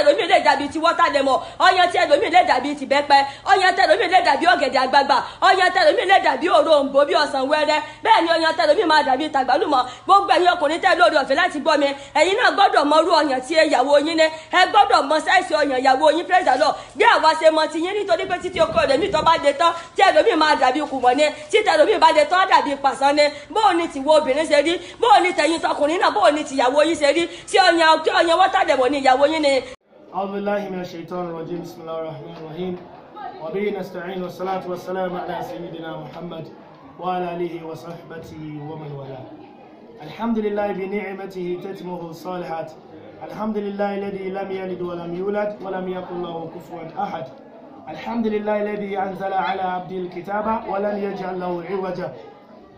ẹlòmíì lè dàbí ti water lemon ọyàn tí ẹlòmíì lè dàbí ti bẹ́pẹ ọyàn tí ẹlòmíì lè dàbí ọ̀gẹ̀dẹ̀ àgbagbà ọyàn tí ẹlòmíì lè dàbí òroǹbó bí ọ̀sán wẹ́rẹ́ bẹ́ẹ̀ ni ọyàn tí ẹlòmíì máa dàbí tàgbálùmọ̀ gbogbo ẹ̀yin ọkùnrin tẹ́ lórí ọ̀fẹ́ láti gbọ́ mi ẹ̀yin náà gbọ́dọ̀ mọ irú ọyàn tí ìyàwó yín ní ẹ gbọ́dọ̀ mọ sáìsì ọyàn ìyàwó yín pẹ́sà lọ bí àwa ṣe mọ ti yín nítorí pé títí ọkọ rẹ̀ mìtọ́ bá dé tán tí ẹlòmíì máa dàbí kùmọ̀ ni títí ẹlòmíì bá dé tán dàbí pàṣán ni bóò ni tìwọ obìnrin ṣe rí bóò ni tẹ̀yin tọkùnrin náà bóò ni tìyàwó yín ṣe rí tí ọyàn ọyàn wọ́tà dẹ̀wọ̀ ni ìyàwó yín ni أعوذ بالله من الشيطان الرجيم بسم الله الرحمن الرحيم وبه نستعين والصلاة والسلام على سيدنا محمد وعلى آله وصحبه ومن والاه الحمد لله بنعمته تتمه الصالحات الحمد لله الذي لم يلد ولم يولد ولم يكن له كفوا أحد الحمد لله الذي أنزل على عبد الكتاب ولم يجعل له عوجا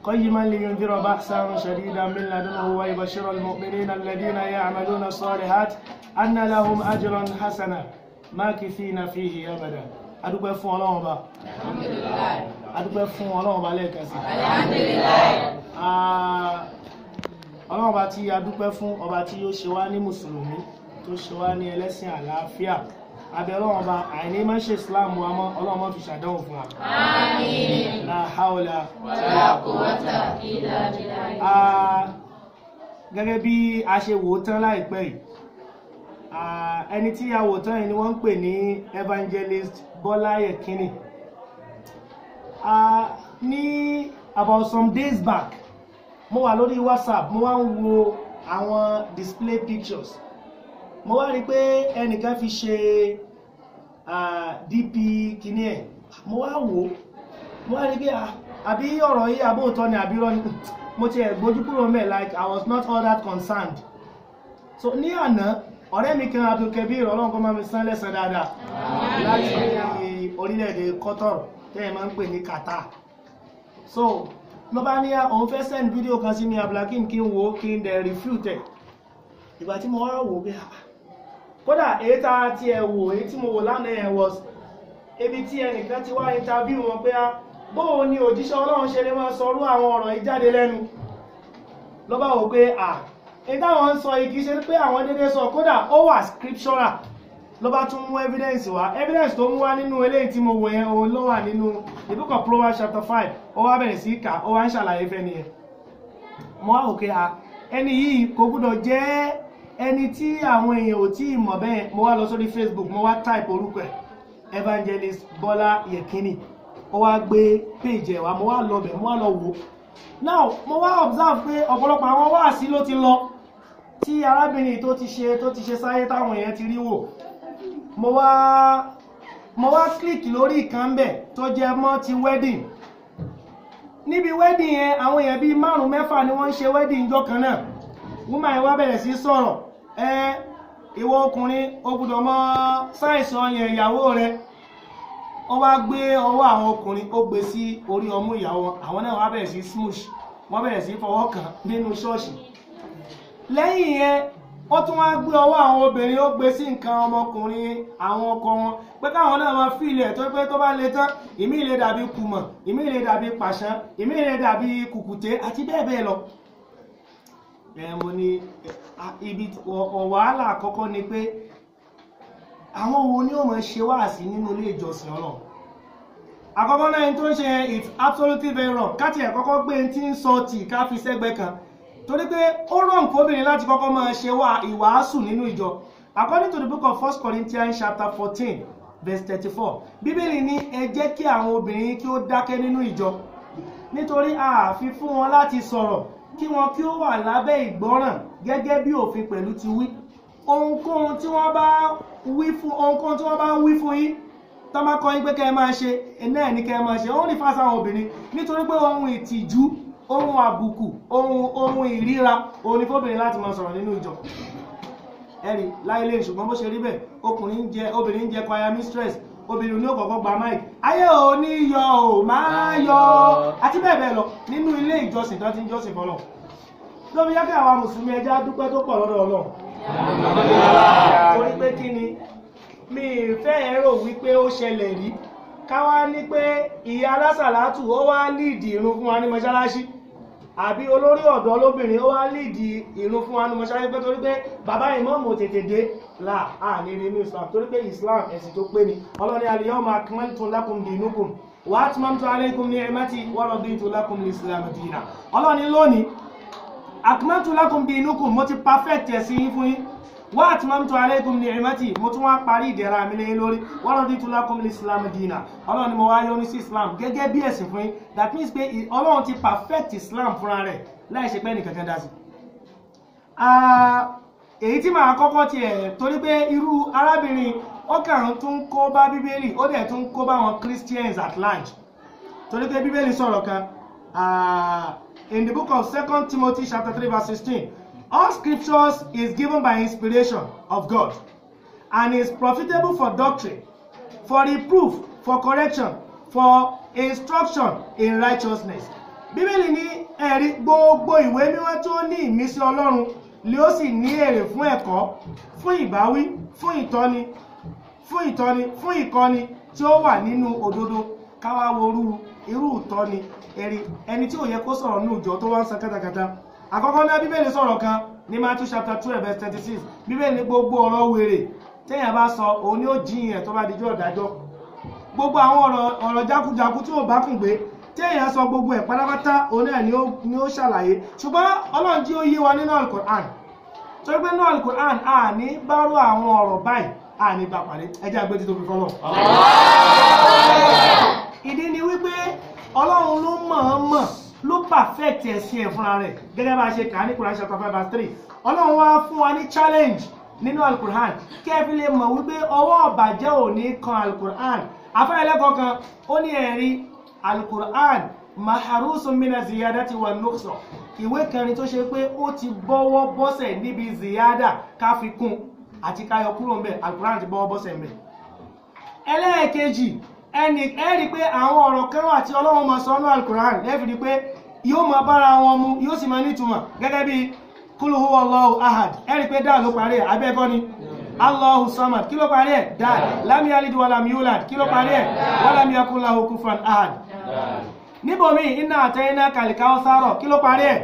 قيما لينذر بأسا شديدا من لدنه ويبشر المؤمنين الذين يعملون الصالحات أن لهم أجرا حسنا ماكثين فيه أبدا adúpẹ́ fún ọlọ́run ọba adúpẹ́ fún ọlọ́run ọba lẹ́ẹ̀kan sí ọlọ́run ọba tí adúpẹ́ fún ọba tí yóò ṣe wá ní mùsùlùmí tó ṣe wá ní ẹlẹ́sìn àlàáfíà abẹ́rẹ́ wọn bá àìní má ṣe islam wa mọ́ ọlọ́run má fi ṣàdánwò fún wa. àmín. la haula. wala quwwata illa billah. gẹ́gẹ́ bí a ṣe wò ó tán láìpẹ́ yìí ẹni tí a wò tán yìí ni wọ́n ń pè ní evangelist Bọ́lá Yẹkínì. ní about some days back mo wà lórí WhatsApp mo wá ń wo àwọn display pictures mo wá rí i pé ẹnìkan fi ṣe dp kìíní ẹ̀ mo wá wò ó mo wá rí i pé àbí ọ̀rọ̀ yìí àbóòtọ́ ni àbí rọ́ọ̀nì mo ti ẹ̀ gbójú kúrò mẹ́ like I was not all that concerned so ní àná ọ̀rẹ́ mi kan Abdulkabir ọlọ́run kó máa mi san lẹ́san dáadáa láti orílẹ̀-èdè Qatar tẹ́ ẹ̀ máa ń pè ní Qatar so ló bá ní òun fẹ́ send fídíò kan sí mi Abdulhakeem kí n wo kí n dẹ̀ refute ìgbà tí mo wá wò ó kódà èyí tá a ti ẹ̀ wò èyí tí mo wò lánàá ẹ̀ wọ̀ ibi tí ẹnìkan ti wá interview wọn pé a ah, bóò ni òjíṣẹ́ ọlọ́run ṣe lè máa sọrú àwọn ọ̀rọ̀ yìí jáde lẹ́nu ló bá wò pé à èyí táwọn ń sọ igi ṣe pé àwọn dédé sọ kódà ó wà scriptural ló tún mú evidence wá evidence tó mú wá nínú eléyìí tí mo wò yẹn òun ló wà nínú the of Proverbs chapter five ó wá bẹ̀rẹ̀ sí kà ó wá ń ṣàlàyé fẹ́ni yẹn mo wá wò pé à ẹni yìí kò gbúdọ̀ jẹ́ ẹni tí àwọn èèyàn ò tí ì mọ̀ bẹ́ẹ̀ mo wá lọ sórí Facebook mo wá type orúkọ ẹ̀ Evangelist Bọ́lá yekini, ó wá gbé page ẹ̀ wá mo wá lọ bẹ̀ mo wá lọ wò ó now mo wá observe pé ọ̀pọ̀lọpọ̀ àwọn wáàsí ló ti lọ tí arábìnrin tó ti ṣe tó ti ṣe sáyé táwọn èèyàn ti rí wò mo wá mo wá click lórí ìkan bẹ̀ tó jẹ mọ́ ti wedding níbi wedding yẹn àwọn èèyàn bíi márùn-ún mẹ́fà ni wọ́n ń ṣe wedding jọ́ kan náà wúmà yẹn wá bẹ̀rẹ̀ sí sọ̀rọ̀ ẹ ìwọ ọkùnrin o gbọ́dọ̀ mọ sáìsì ọyàn ìyàwó rẹ ó wá gbé ọwọ́ àwọn ọkùnrin ó gbé sí orí ọmú ìyàwó àwọn náà wá bẹ̀rẹ̀ sí smush wọ́n bẹ̀rẹ̀ sí fọwọ́ kàn nínú ṣọ́ọ̀ṣì lẹ́yìn yẹn ó tún wá gbé ọwọ́ àwọn obìnrin ó gbé sí nǹkan ọmọkùnrin àwọn ọkọ wọn pé káwọn náà máa fi ilẹ̀ tó pé tó bá le tán ìmí ìlè dàbí kùmọ̀ ìmí ìlè dàbí pàṣán ìmí ìlè dàbí kùkùté àti bẹ́ẹ̀ bẹ́ẹ̀ lọ mo ní ibi wàhálà àkọ́kọ́ ni pé àwọn wo ni ó mọ̀ ṣe wáàsí nínú ilé ìjọsìn ọlọ́run àkọ́kọ́ náà tó ń ṣe it's absolutely very wrong káti ẹ̀ kọ́kọ́ gbé ẹni tí ń sọ tì ká fi sẹ́gbẹ́ kan torí pé ó rọrùn fóbìnrin láti kọ́kọ́ máa ṣe wá ìwàásù nínú ìjọ according to the book of first corinthians chapter fourteen verse thirty-four bíbélì ní ẹ jẹ́ kí àwọn obìnrin kí ó dákẹ́ nínú ìjọ nítorí a fi fún wọn láti sọ̀rọ̀ kí wọn kí ó wà lábẹ́ ìgbọ́ràn gẹ́gẹ́ bí òfin pẹ̀lú ti wí ohunkóhun tí wọ́n bá wí fún ohunkóhun tí wọ́n bá wí fún yín tó bá kọ́ yín pé kẹ́ ẹ máa ṣe náà ní kẹ́ ẹ máa ṣe òun ní fásitì àwọn obìnrin nítorí pé ohun ìtìjú ohun àbùkù ohun ohun ìríra òun ní fóbìnrin láti máa sọ̀rọ̀ nínú ìjọ ẹ̀rí láìlé ṣùgbọ́n bó ṣe rí bẹ́ẹ̀ obìnrin ń jẹ obìnrin ń jẹ choir mistress obìnrin ní òkọ̀ọ̀kan gba máìkì ayé ò ní yọ ò máa yọ àti bẹ́ẹ̀ bẹ́ẹ̀ lọ nínú ilé ìjọsìn tó ti ń jọ́sìn fọlọ́ lóbi yá kí àwa mùsùlùmí ẹja dúpẹ́ tó pọ̀ lọ́dọ̀ ọlọ́run torí pé kí ni mi fẹ́ ẹ rò wípé ó ṣẹlẹ̀ rí káwá ní pé ìyá alásàlátù ó wá líìdì irun fún wa ní mọ́ṣáláṣí àbí olórí ọ̀dọ́ lóbìnrin ó wá lídi ìrun fún anú mọ́ṣáyé pé torí pé bàbá ìmọ̀ọ́mù tètè dé là á ní rí inú islam torí pé islam ẹ̀sìn tó pé ni ọlọ́ni al-yawma akmaltu lakum dinukum wa atmamtu alaykum ni'mati wa raditu lakum al-islam dina ọlọ́ni lónìí akmaltu lakum dinukum mo ti perfect ẹ̀sìn yín fún yín wa atmamtu alaykum ni'mati mo tún wá parí ìdẹ̀ra mi lé lórí wa raditu lakum l'islam dina ọlọ́run ni mo wá yọ ní sí islam gẹ́gẹ́ bí ẹ̀sìn fún that means pé ọlọ́run ti perfect islam fúnra rẹ̀ láì ṣe pé nìkankan dá sí. èyí tí màá kọ́kọ́ tiẹ̀ torí pé irú arábìnrin ọkàn tún kó bá bíbélì ó dẹ̀ tún kó bá wọn christians at large torí pé bíbélì sọ̀rọ̀ kan in the book of second timothy chapter three verse sixteen All scriptures is given by inspiration of God and is profitable for doctrine, for reproof, for correction, for instruction in righteousness. Bíbélì ní ẹ̀rí gbogbo ìwé mímọ́ tó ní ìmísí Ọlọ́run lé ó sì ní èrè fún ẹ̀kọ́, fún ìbáwí, fún ìtọ́ni, fún ìtọ́ni, fún ìkọ́ni tí ó wà nínú òdodo káwá worú irú ìtọ́ni ẹ̀rí ẹni tí ò yẹ kó sọ̀rọ̀ ní òjò tó wá ń san kátàkátà àkọ́kọ́ náà bíbélì sọ̀rọ̀ kan ní matthew chapter two verse thirty six bíbélì ní gbogbo ọ̀rọ̀ wèrè téèyàn bá sọ òun ni ó jiyàn tó bá dijọ́ ọ̀dájọ́ gbogbo àwọn ọ̀rọ̀ jákujàku tí ò bá kùn gbé téèyàn sọ gbogbo ẹ̀ pátápátá òun náà ni ó ṣàlàyé ṣùgbọ́n ọlọ́run jí ó yé wa nínú alukur'an torí pé nínú alukur'an a ní bá rú àwọn ọ̀rọ̀ báyìí a ní bá ló perfect ẹ̀sìn ẹ̀ fúnra rẹ̀ gẹ́gẹ́ bá a ṣe kà á ní Quran chapter five verse three ọlọ́run wá fún wa ní challenge nínú alukur'an kẹ́ẹ̀fì lè mọ̀ wípé ọwọ́ ọ̀bàjẹ́ ò ní kan alukur'an afẹ́lẹ́kọ̀ọ́ kan ó ní ẹ̀rí alukur'an maharusun mina ziyada ti wà nùsọ̀ ìwé kẹrin tó ṣe pé ó ti bọ́wọ́ bọ́sẹ̀ níbi ziyada káfíkún àti káyọ kúrò ńbẹ̀ alukur'an ti bọ́wọ́ bọ́sẹ̀ ńbẹ̀ ẹlẹ́ẹ̀kejì ẹnì ẹ̀rí pé àwọn ọ̀rọ̀ kan wà tí ọlọ́run máa sọ ní alukur'an lẹ́fi rí pé yóò máa bára wọn mu yóò sì máa nítumọ̀ gẹ́gẹ́ bí kúlù huwa allahu ahad ẹ̀rí pé dáa ló parí ẹ̀ abẹ́ẹ̀kọ́ ni allahu samad kí ló parí ẹ̀ dáa lam yalid walam yulad kí ló parí ẹ̀ walam yakun lahu ahad níbòmí iná àtẹ́yìnà kàlìkà ọ̀sárọ̀ kí ló parí ẹ̀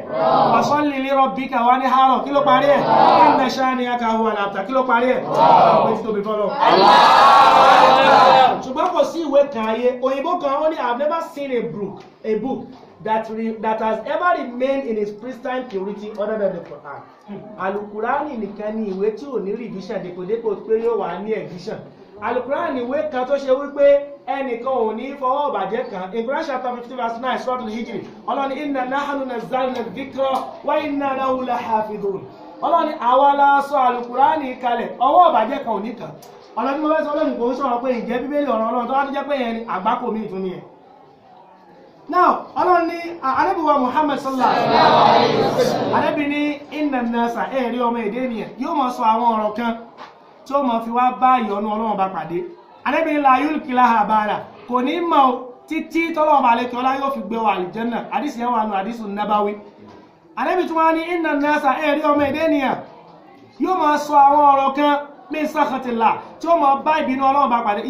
ọ̀sán lílé rọ̀bíkà wá ní harọ̀ kí ló parí ẹ̀ ẹ̀ńdà ṣáàni akáwọ àlàbùtà kí ló parí ẹ̀ ọ̀pẹ tí tóbi fọlọ́. ṣùgbọ́n kò sí ìwé kan ayé òyìnbó kan ó ní I never seen a book a book that re, that has ever remained in its pristine purity other than the Quran hmm. alukurani nìkan ni ìwé tí ò ní revision dèpòdépò pé yóò wà ní edition alukuran ni ìwé kan tó ṣe wípé ẹnìkan ò ní fọwọ́ ìbàjẹ́ kan in Quran chapter fifteen verse nine suratul hijri ọlọ́ni inna nahanu nazzalna dhikra wa inna lahu lahafidhun ọlọ́ni àwa la sọ alukuran ní kalẹ̀ ọwọ́ ìbàjẹ́ kan ò ní kàn ọ̀nà tí mo fẹ́ sọ ọlọ́run kò ń sọ̀rọ̀ pé ǹjẹ́ bíbélì ọ̀rọ̀ ọlọ́run tó wá tó jẹ́ pé yẹn ni àgbákò mi ìtún nìyẹn now ọlọ́run ní arábìwá Muhammad sallallahu alayhi wa sallam arábìnrin inna nasa ẹ̀ẹ́rí ọmọ èdè nìyẹn yóò mọ̀ sọ àwọn ọ̀rọ̀ kan tí ó mọ̀ fi wá bá ìyọnu ọlọ́run bá pàdé anábìrin la yóò kí láha bára kò ní mọ̀ o títí tọ́lọ́run bá lékè ọlá yóò fi gbé wa àlìjẹ́nà àdìsí ẹwà nù àdìsí nàbáwí anábì tí wọ́n ní iná nasa ẹ̀rí ọmọ èdè nìyà yóò máa sọ àwọn ọ̀rọ̀ kan ní sàkàtìlà tí ó mọ̀ bá ìbínú ọlọ́run bá pàdé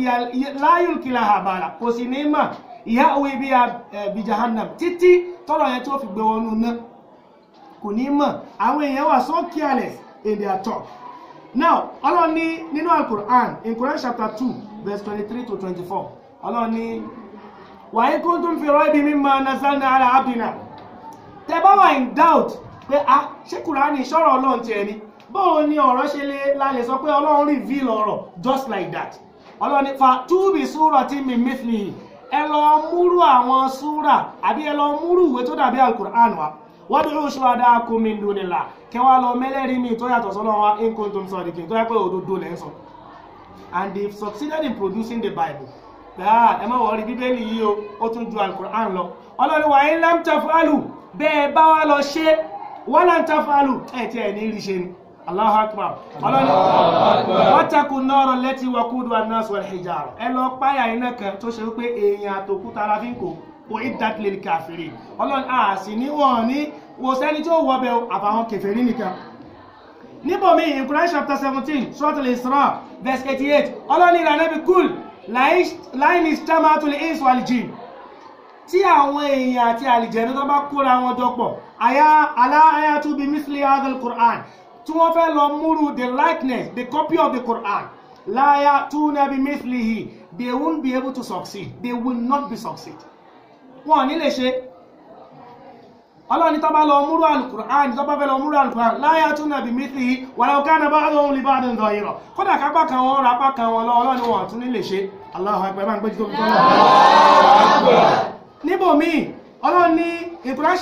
láyò kí láha bára kò sì ní mọ̀ ìyá òwe bí i eh, jahannam títí tọ́lọ̀ yẹn tí ó fi gbé wọnú náà kò ní mọ̀ àwọn èèyàn wà sọ́kí àlẹ̀ èdè àtọ̀ now ọlọ́run ní nínú alukur'an in Quran chapter two verse twenty three to twenty four ọlọ́run ni wàá kún tún fi rọ́ọ̀bì mi máa nasan ní abdina tẹ bá wà in doubt pé ah ṣé Qur'an ìṣọ́rọ̀ ọlọ́run tiẹ̀ ni báwo ni ọ̀rọ̀ ṣe lè lálẹ́ sọ pé ọlọ́run reveal ọ̀rọ̀ just like that ọlọ́run ni fa túbì súrọ̀ tí mi mí fi ẹ lọ múrú àwọn súrà àbí ẹ lọ múrú ìwé tó dàbí alukur'an wa wad'u shuhada'akum la? dunillah kẹwàá lọ mẹ́lẹ́rìí mi tó yàtọ̀ sọ́nà wa in kuntum sadiqin tó yẹ pé òdodo lẹ́ ń sọ and they succeeded in producing the bible ẹ má wọrí bíbélì yìí o ó tún ju alukur'an lọ ọlọ́run wa in lam taf'alu bẹ́ẹ̀ bá wa lọ ṣe wa lan taf'alu ẹ̀ tí ẹ̀ ní rí ṣe ni Allah akbar ọlọ́run wattaqu nnara allati waquduha an-nas wal hijara ẹ lọ páyà iná kan tó ṣe wípé èèyàn àtòkúta ara fi ń kó uiddat lil kafirin ọlọ́run a sì ní wọ́n ní wò sẹ́ni tí ó wọ bẹ̀ àbàwọn kèfèrí nìkan níbòmí in Quran chapter 17, seventeen suratul Isra verse eighty eight ọlọ́run ìlànà ibi kúl láìní stamatu lil ins wal jinn tí àwọn èèyàn àti àlìjẹ̀nú tó bá kóra wọn jọpọ̀ aláàyà tó bí misli adal Quran tí wọ́n fẹ́ lọ múrù the likeness the copy of the Quran láyà tó nàbí mislihi they won't be able to succeed they will not be succeed wọn ò ní lè ṣe ọlọ́ni tó bá lọ múrú alukur'an tó bá fẹ́ lọ múrú alukur'an láyá tún nàbí mítì wàlá ọ̀ká náà bá lọ́wọ́ lè bá dùn dọ̀ yìí rọ̀ kódà kápá kan wọn ra pápá kan wọn lọ ọlọ́ni wọn tún nílè ṣe Allahu akbar máa ń gbé jíjọ́ lọ́wọ́. níbo mi ọlọ́ni Ibrahim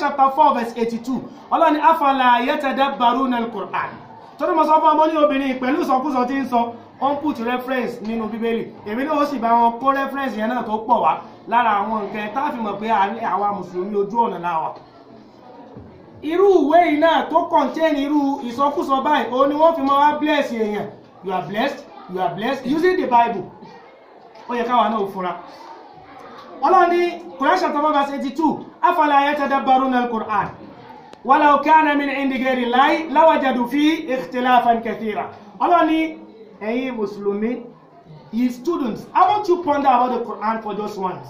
ó ń put reference nínú bíbélì èmi náà ó sì bá wọn kó reference yẹn náà tó pọ̀ wá lára àwọn nǹkan tá a fi mọ̀ pé àwa mùsùlùmí ojú ọ̀nà la wà irú ìwé yìí náà tó contain irú ìsọkúsọ báyìí òun ni wọ́n fi máa wá bless èèyàn you are blessed you are blessed using the bible ó yẹ káwa náà fura ọlọ́run ní Quran chapter one verse eighty two afala yatadabbaruna al-Qur'an walau kana min indi ghairi Allahi lawajadu fi ikhtilafan kathira ọlọ́run ní ẹ̀yin mùsùlùmí ye students i want you ponder about the quran for just once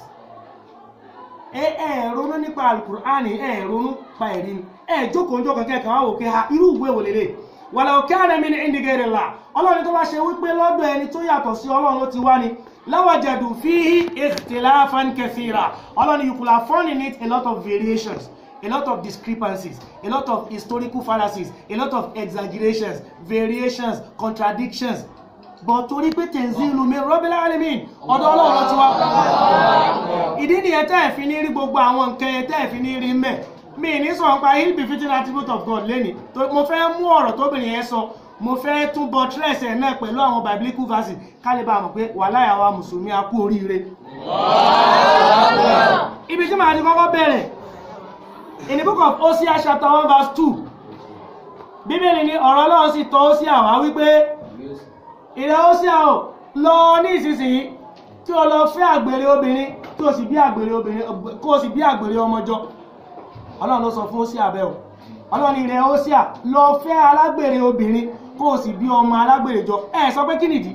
ẹ ẹ ronú nípa alukur'an ẹ ronú pa ẹ̀rí ni ẹ jókòó jókòó kẹ́kẹ́ wá òkè ha irú ìwé wò lélẹ̀ wàlẹ̀ òkè ànàmì ní ìdígẹ̀rẹ̀ là ọlọ́run tó bá ṣe wípé lọ́dọ̀ ẹni tó yàtọ̀ sí ọlọ́run ló ti wá ni lawajadu fihi ikhtilafan kathira ọlọ́run you could have found in ni a lot of variations a lot of discrepancies a lot of historical fallacies a lot of exaggerations variations contradictions bọ̀ torí pé tẹ̀sílù mi rọ́bílá alimi ọ̀dọ̀ ọlọ́run ti wá. ìdí nìyẹn tẹ́ ẹ̀ fi ní rí gbogbo àwọn nǹkan yẹn tẹ́ ẹ̀ fi ní rí mẹ́ mi ní sọ nípa he be fitting attribute of God lẹ́ni mo fẹ́ mú ọ̀rọ̀ tóbìnrin yẹn sọ mo fẹ́ tún bọ tírẹ̀sì ẹ̀ náà pẹ̀lú àwọn biblical verses, kálíbà mọ̀ pé wàláyà wa mùsùlùmí a kú oríire. ibi tí màá ti kọ́kọ́ bẹ̀rẹ̀ in the book of Hosea chapter one verse two bíbélì ni ọ̀rọ̀ ọlọ́run sì tọ́ Hosea wá wípé ìrẹ́ ó sì àwọn lọ ní ìsinsìnyí tí o lọ fẹ́ àgbèrè obìnrin tí o sì bí àgbèrè obìnrin kó o sì bí àgbèrè ọmọjọ ọlọ́run ló sọ fún ó sì àbẹ̀ ọlọ́run ní à lọ fẹ́ alágbèrè obìnrin kó o sì bí ọmọ alágbèrè jọ ẹ̀ sọ pé kí nìdí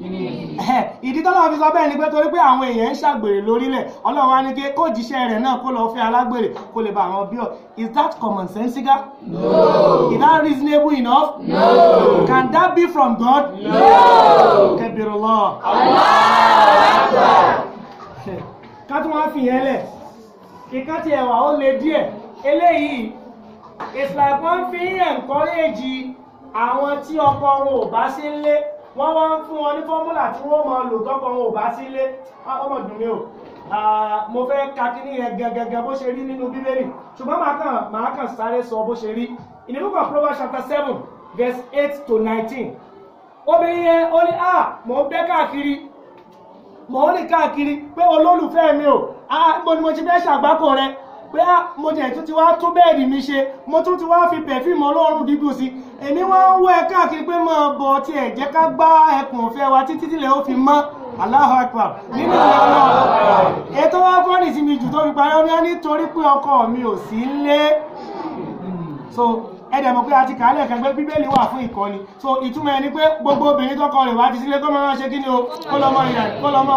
ìdí tọ́lọ́ fi sọ bẹ́ẹ̀ ni pé torí pé àwọn èèyàn ń ṣàgbèrè lórílẹ̀ ọlọ́run á ní kí kó jíṣẹ́ rẹ̀ náà kó lọ fẹ́ alágbèrè kó lè bá àwọn bíọ̀ is that common sense, sensical? no is that reasonable enough? no can that be from God? no kẹbìrì lọ. ká tún wá fìyẹn lẹ̀ kíkọ́ ti ẹ̀wà ó le díẹ̀ eléyìí Islam fi ń encourage àwọn tí ọkọ wọn ò bá sí ń lé wọ́n wá ń fún wọn ní fọ́múlà tí wọ́n máa lò wọn ò bá sílé ah, ọmọ dùn o ah, mo fẹ́ ka kíní yẹn gẹ́gẹ́gẹ́ bó ṣe rí nínú bíbélì ṣùgbọ́n màá kàn màá kàn sáré sọ bó ṣe rí in the book of Proverbs chapter seven verse eight to nineteen obìnrin yẹn ó ní à ah, mò ń bẹ́ káàkiri mò ń rìn káàkiri pé olólùfẹ́ mi o mo ni mo ti fẹ́ ṣàgbákò rẹ pé mo jẹ̀ tún ti wá tún bẹ́ẹ̀dì mi ṣe mo tún ti wá fi pẹ̀fíìmù ọlọ́run dídùn sí i èmi wá ń wọ ẹ káàkiri pé máa bọ ọtí ẹ ká gbá ẹkùn ọ̀fẹ́ wa títí ó fi mọ́ Allahu Akbar nínú ìlú Ọlọ́run ètò wa sí mi jù tó fi parí ọmọ nítorí pé ọkọ mi ò sí so pé a ti bíbélì wà fún so ìtumọ̀ ẹni pé gbogbo obìnrin rẹ̀ wá ti sílé o kó lọ́mọ ìyá kó lọ́mọ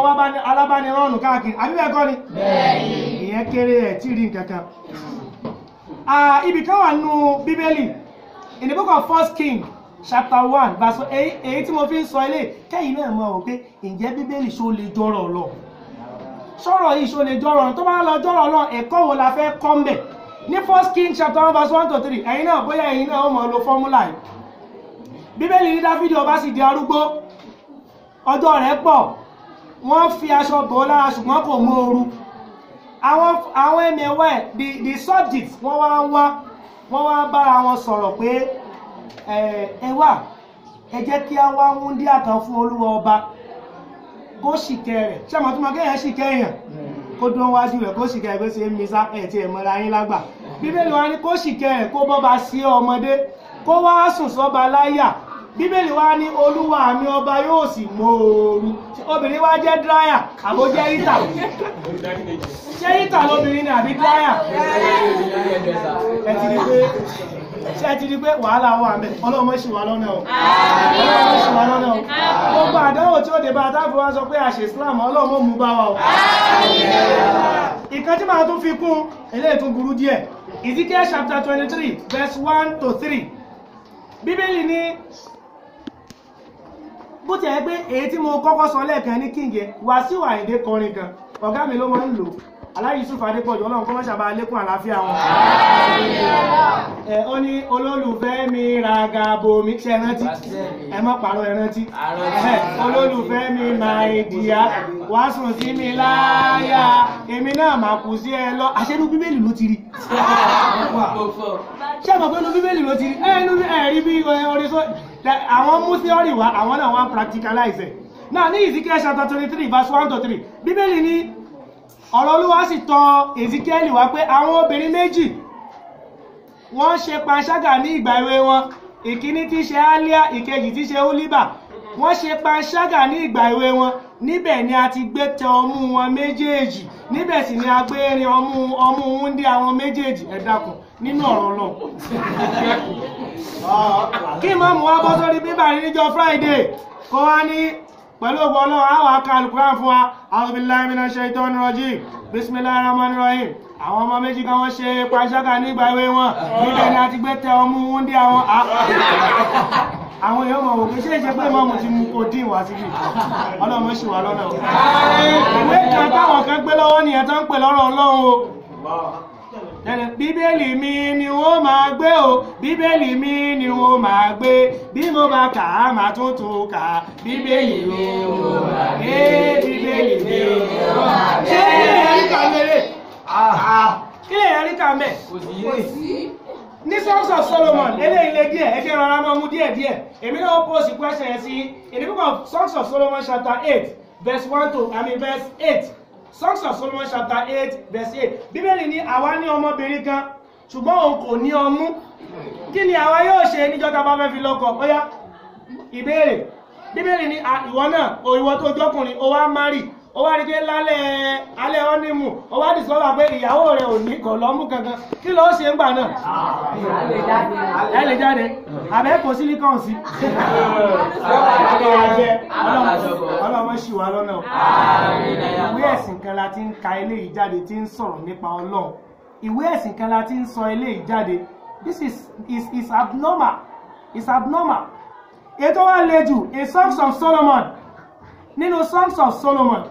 alábánirọ́ọ̀nù káàkiri kọ́ ni ìyẹn kéré ẹ̀ tí ì rí in the book of first king chapter one verse eight, èyí tí mo fi ń sọ ilé kẹ́yìn náà mọ̀ ọ́ pé ǹjẹ́ bíbélì ṣó lè jọrọ̀ ọ̀lọ́ sọ̀rọ̀ yìí ṣó lè jọrọ̀ ọ̀lọ́ tó bá lọ jọrọ̀ ọ̀lọ́ ẹ̀kọ́ wo la fẹ́ kọ́ mbẹ̀ ní first king chapter one verse one to three ẹ̀yin náà bóyá ẹ̀yin náà ó mọ̀ lo fọ́múlà yìí bíbélì ní dáfídì ọba sì di arúgbó ọjọ́ rẹ̀ pọ̀ wọ́n fi aṣọ bò ó lára ṣùgbọ́n kò mú ooru àwọn àwọn ẹ̀mẹ̀wẹ̀ the the subject wọ́n wá ń wá wọ́n wá bára wọn sọ̀rọ̀ pé ẹ wà ẹ jẹ́ kí á wá wúndíà kan fún olúwa ọba kó ṣìkẹ́ rẹ̀ ṣé àmọ́ tó máa kéèyàn ṣìkẹ́ èèyàn kó dún wájú rẹ̀ kó ṣìkẹ́ rẹ̀ bó ṣe mi sá ẹ̀ tí mọ́ra yín lágbà bíbélì wa ni kó ṣìkẹ́ rẹ̀ kó bọ́ba sí ọmọdé kó wá sùn sọ́ba láyà bíbélì wa ní olúwa mi ọba yóò sì mòoru obìnrin wa jẹ́ dráyà àbó jẹ́ rítà ṣé rítà lóbìnrin ni àbí dráyà ẹ ti di pé ṣé ti di pé wàhálà wà mẹ́ ọlọ́mọ ṣì wà lọ́nà o ọlọ́mọ ṣì wà lọ́nà o gbogbo àdánwò tí ó dé bá a táàbù wa sọ pé àṣẹ Islam ọlọ́mọ mú bá wa o ìkan tí màá tún fi kún eléyìí tún burú díẹ̀ Ezekiel chapter twenty three verse one to three bíbélì ní bó ti ẹ̀ pé èyí tí mo kọ́kọ́ sọ lẹ́ẹ̀kan ní kíngẹ Wàsíù Àyìndé kọrin kan ọ̀gá mi ló máa ń lò aláyé Yusuf Adépọ̀jù ọlọ́run kọ́ mọ́ ṣàbá lékún àlàáfíà wọn. ẹ ó ní olólùfẹ́ mi ragabo bomi ṣe rántí ẹ mọ́ pàrọ̀ ẹ rántí olólùfẹ́ mi máa ìdíyà wá sùn sí mi láyà èmi náà máa kù sí ẹ lọ àṣẹ inú bíbélì ló ti rí. ṣé àgbàgbọ́ inú bíbélì ló ti rí ẹ rí bí orin sọ. àwọn mú theory wá àwọn náà wá practicalize ẹ̀ náà ní Ezekiel chapter twenty three verse one to three bíbélì ni ọ̀rọ̀ olúwa sì tọ̀ Ezekiel wá pé àwọn obìnrin méjì wọ́n ṣe panṣágà ní ìgbà èwe wọn ìkíní tí ṣe alia ìkejì tí ṣe oliba wọ́n ṣe panṣágà ní ìgbà èwe wọn níbẹ̀ ni a ti gbé tẹ ọmú wọn méjèèjì níbẹ̀ sì ni a gbé erin ọmú ọmú wúndí àwọn méjèèjì ẹ nínú ọ̀rọ̀ lọ. kí mọ́mù wa bọ́ sórí bíbá yìí níjọ́ Friday kó wá ní pẹ̀lú ògbọ́ ọlọ́run àwọn aka alukuran fún wa àwọn billahi minash shaitonir rajim bismillahir rahmanir rahim àwọn ọmọ méjì kan wọ́n ṣe panṣágà nígbà ìwé wọn níbẹ̀ ni a ti gbé tẹ ọmú wúndí àwọn àwọn èèyàn mọ̀ wò pé ṣé ìṣe pé mọ́mù ti mú kó dín wá síbi ọlọ́run ṣì wà lọ́nà. ìwé kan táwọn kan gbé lọ́wọ́ nìyẹn tó ń pè lọ́rọ̀ ọlọ́run o bíbélì mi ni wọ́n máa gbé o bíbélì mi ni wọ́n máa gbé bí mo bá kà á máa tún tún kà á bíbélì mi ni wọ́n máa gbé bíbélì mi ni wọ́n máa gbé. ṣé kí lè rí kan mẹ́rẹ̀? Ah. Ah. kí lè rí kan ní songs of solomon eléyìí lé díẹ̀ ẹ jẹ́ rárá máa mú díẹ̀ díẹ̀ èmi náà post question sí in the book of songs of solomon chapter eight verse one to i mean verse eight Songs of Solomon chapter eight verse eight bíbélì ní àwa ní ọmọbìnrin kan ṣùgbọ́n òun kò ní ọmú kí ni àwa yóò ṣe níjọ́ tá a bá fẹ́ fi lọ́kọ bóyá ìbéèrè bíbélì ní ìwọ náà o ìwọ tó jọkùnrin o wá mari o wá rí pé lálẹ́ alẹ́ ọ́nímù o wá dìsọ́wà pé ìyàwó rẹ̀ ò ní kọ̀ lọ́mú kankan kí ló ṣe ń gbà náà ẹ lè jáde abẹ́ kò sílíkọ̀n sí. ọlọ́mọ ṣì wá lọ́nà ìwé ẹ̀sìn kan la ti ń ka eléyìí jáde tí ń sọ̀rọ̀ nípa ọlọ́run ìwé ẹ̀sìn kan la ti ń sọ eléyìí jáde this is is is abnormal is abnormal ètò wa le jù a songs of Solomon nínú songs of Solomon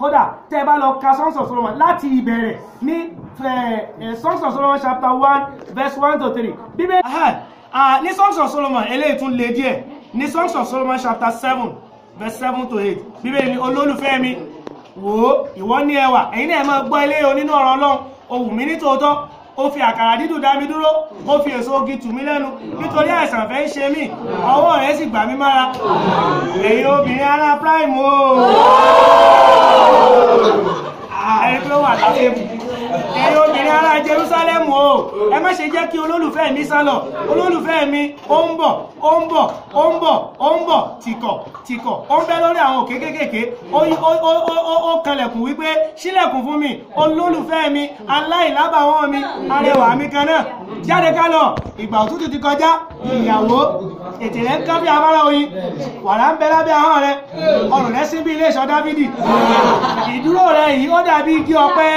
kódà tẹ́ ẹ bá lọ ka songs of solomon láti ìbẹ̀rẹ̀ ní eh, eh, songs of solomon chapter one verse one to three bíbélì. Uh, ní songs of solomon eléyìí tún lé díẹ̀ ní songs of solomon chapter seven verse seven to eight bíbélì ni olólùfẹ́ mi wò ìwọ ní ẹwà ẹ̀yin náà máa gbọ́ eléyìí onínú ọ̀rọ̀ ọlọ́run ohùn mi ní tòótọ́ ó fi àkàrà dídùn dá mi dúró ó fi èso ogi tù mí lẹ́nu nítorí àìsàn fẹ́ ń ṣe mí ọwọ́ rẹ̀ sì gbà mí mára èyí obìnrin ará prime o ààrẹ ah, pé wà láti èyí ẹ̀yin ará Jerúsálẹ́mù o ẹ má ṣe jẹ́ kí olólùfẹ́ mi sálọ olólùfẹ́ mi ó ń bọ̀ ó ń bọ̀ ó ń bọ̀ ó ń bọ̀ tìkọ̀ tìkọ̀ ó ń bẹ́ lórí àwọn òkè kéékèèké ó kanlẹ̀kùn wípé sílẹ̀kùn fún mi olólùfẹ́ mi aláìlábàwọ́n mi arẹwà mi kan náà jáde ká lọ ìgbà òtútù ti kọjá ìyàwó ètè rẹ ń kán bí afárá oyin wàrà ń bẹ lábẹ́ ahọ́n rẹ ọrùn rẹ sí bí ilé ìṣọ́ dávidi ìdúró rẹ yìí ó dàbí igi ọ̀pẹ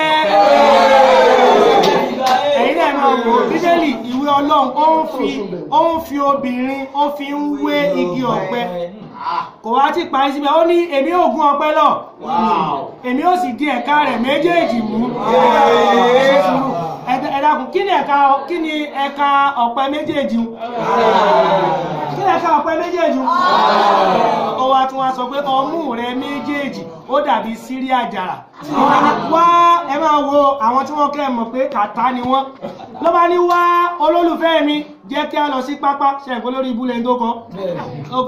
ẹ̀yin náà máa wò bíbélì ìwé ọlọ́run ó ń fi ó ń fi obìnrin ó fi ń wé igi ọ̀pẹ kò wá ti parí síbẹ̀ ó ní èmi ò gún ọ̀pẹ lọ èmi ó sì di ẹ̀ka rẹ̀ méjèèjì mú ẹ̀dàkùn kí ni ẹ̀ka kí ni ẹ̀ka ọ̀pẹ méjèèjì ń kí ni ẹ̀ka ọ̀pẹ méjèèjì ń ó wá tún wá sọ pé ọmú rẹ méjèèjì ó dàbí sírí àjàrà wá ẹ máa wo àwọn tí wọ́n kẹ́ mọ̀ pé kàtá ni wọ́n ló bá ní wá olólùfẹ́ mi jẹ́ kí a lọ sí pápá ṣẹ̀gbọ́n lórí ibú lẹ́yìn tó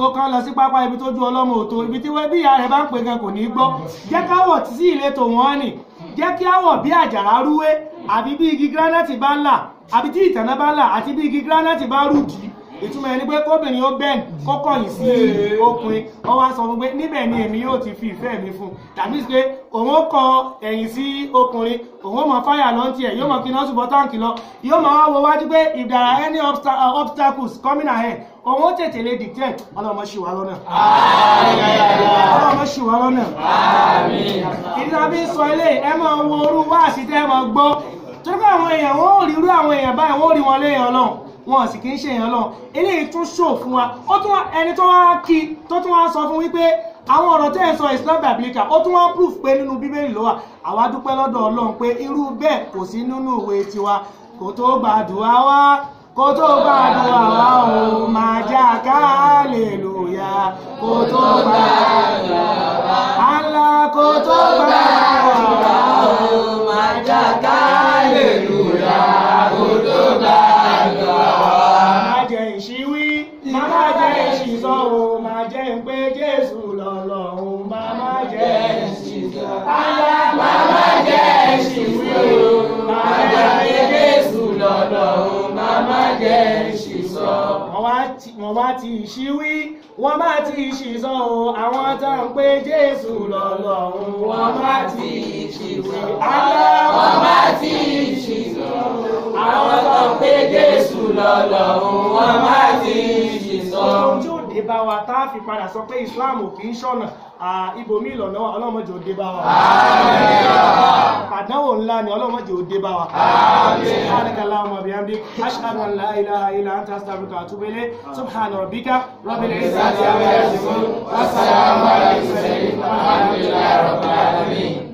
kọ́ kan lọ sí pápá ibi tó ju ọlọ́mọ òtó ibi tí wẹ́bí ìyá rẹ̀ bá ń pè gan kò ní gbọ́ jẹ́ káwọ̀ sí ìletò wọn nì jẹ́ kí àwọ̀ bí àjàrà rúwé àbí bí igi gíránàtì bá là àbí tí ìtànà bá là àti bí igi gíránàtì bá rùdì ìtumọ̀ ẹni pé kóbìnrin ó bẹ́ẹ̀ kọ́kọ́ yìí sí okùnrin wọ́n wá sọ fún pé níbẹ̀ ni èmi yóò ti fi ìfẹ́ mi fún tàbí pé òun ó kọ ẹ̀yìn sí okùnrin òun ó mọ fáyà lọ tiẹ̀ yóò mọ kí náà ṣùgbọ́n táǹkì lọ yóò mọ wá wo wájú pé if any uh, obstacles coming ahead òun tètè lè dìtẹ́ ọlọ́mọ ṣì wá lọ́nà. ọlọ́mọ ṣì wá lọ́nà. ìdàbí sọ ilé ẹ máa wo orú wáàsí tẹ́ ẹ máa gbọ́ torí pé àwọn èèyàn wọn ò rí irú àwọn èèyàn báyìí wọn ò rí wọn léèyàn náà wọn sì kì í ṣe èèyàn náà eléyìí tún ṣò fún wa ó tún ẹni tó wá kí tó tún wá sọ fún wípé àwọn ọ̀rọ̀ tẹ́ ẹ̀ sọ islam biblica ó tún wọ́n proof pé nínú bíbélì ló wà àwa dúpẹ́ lọ́dọ̀ ọlọ́run pé irú bẹ́ẹ̀ kò sí nínú ìwé tiwa kò tó gbàdúrà wá kó tó gbàdúrà wá òun máa já ká hallelúyà kó tó gbàdúrà wá. àlá kó tó gbàdúrà wá òun máa já ká hallelúyà kó tó gbàdúrà wá. má jẹ́ ìṣíwí má jẹ́ ìṣìṣọ́ o má jẹ́ pé Jésù lọ́lọ́run má má jẹ́ ìṣìṣọ́. àlá má má jẹ́ ìṣìṣọ́ o má jẹ́ pé Jésù lọ́lọ́run jẹ́ ìṣìṣọ́. wọ́n má ti ṣíwí wọ́n má ti ṣìṣọ́ o àwọn tó ń pe Jésù lọ́lọ́run. wọ́n má ti ṣìṣọ́. wọ́n má ti ṣìṣọ́. àwọn tó ń pe Jésù lọ́lọ́run. wọ́n má ti ṣìṣọ́ dé bá wa tá a fi padà sọ pé Islam ò kì í ṣọ̀nà ibòmí ìlọ̀nà ọlọ́mọdé ò bá wa. àdánwò ńlá ni ọlọ́mọdé ò dé bá wa. sàlẹ̀kàlà ọmọ bíi àmì ashhadu an la ilaha illa anta astaghfiruka wa atubu ilayk subhana rabbika rabbil izzati amma yasifun wa salamun ala al-mursalin walhamdulillahi rabbil alamin.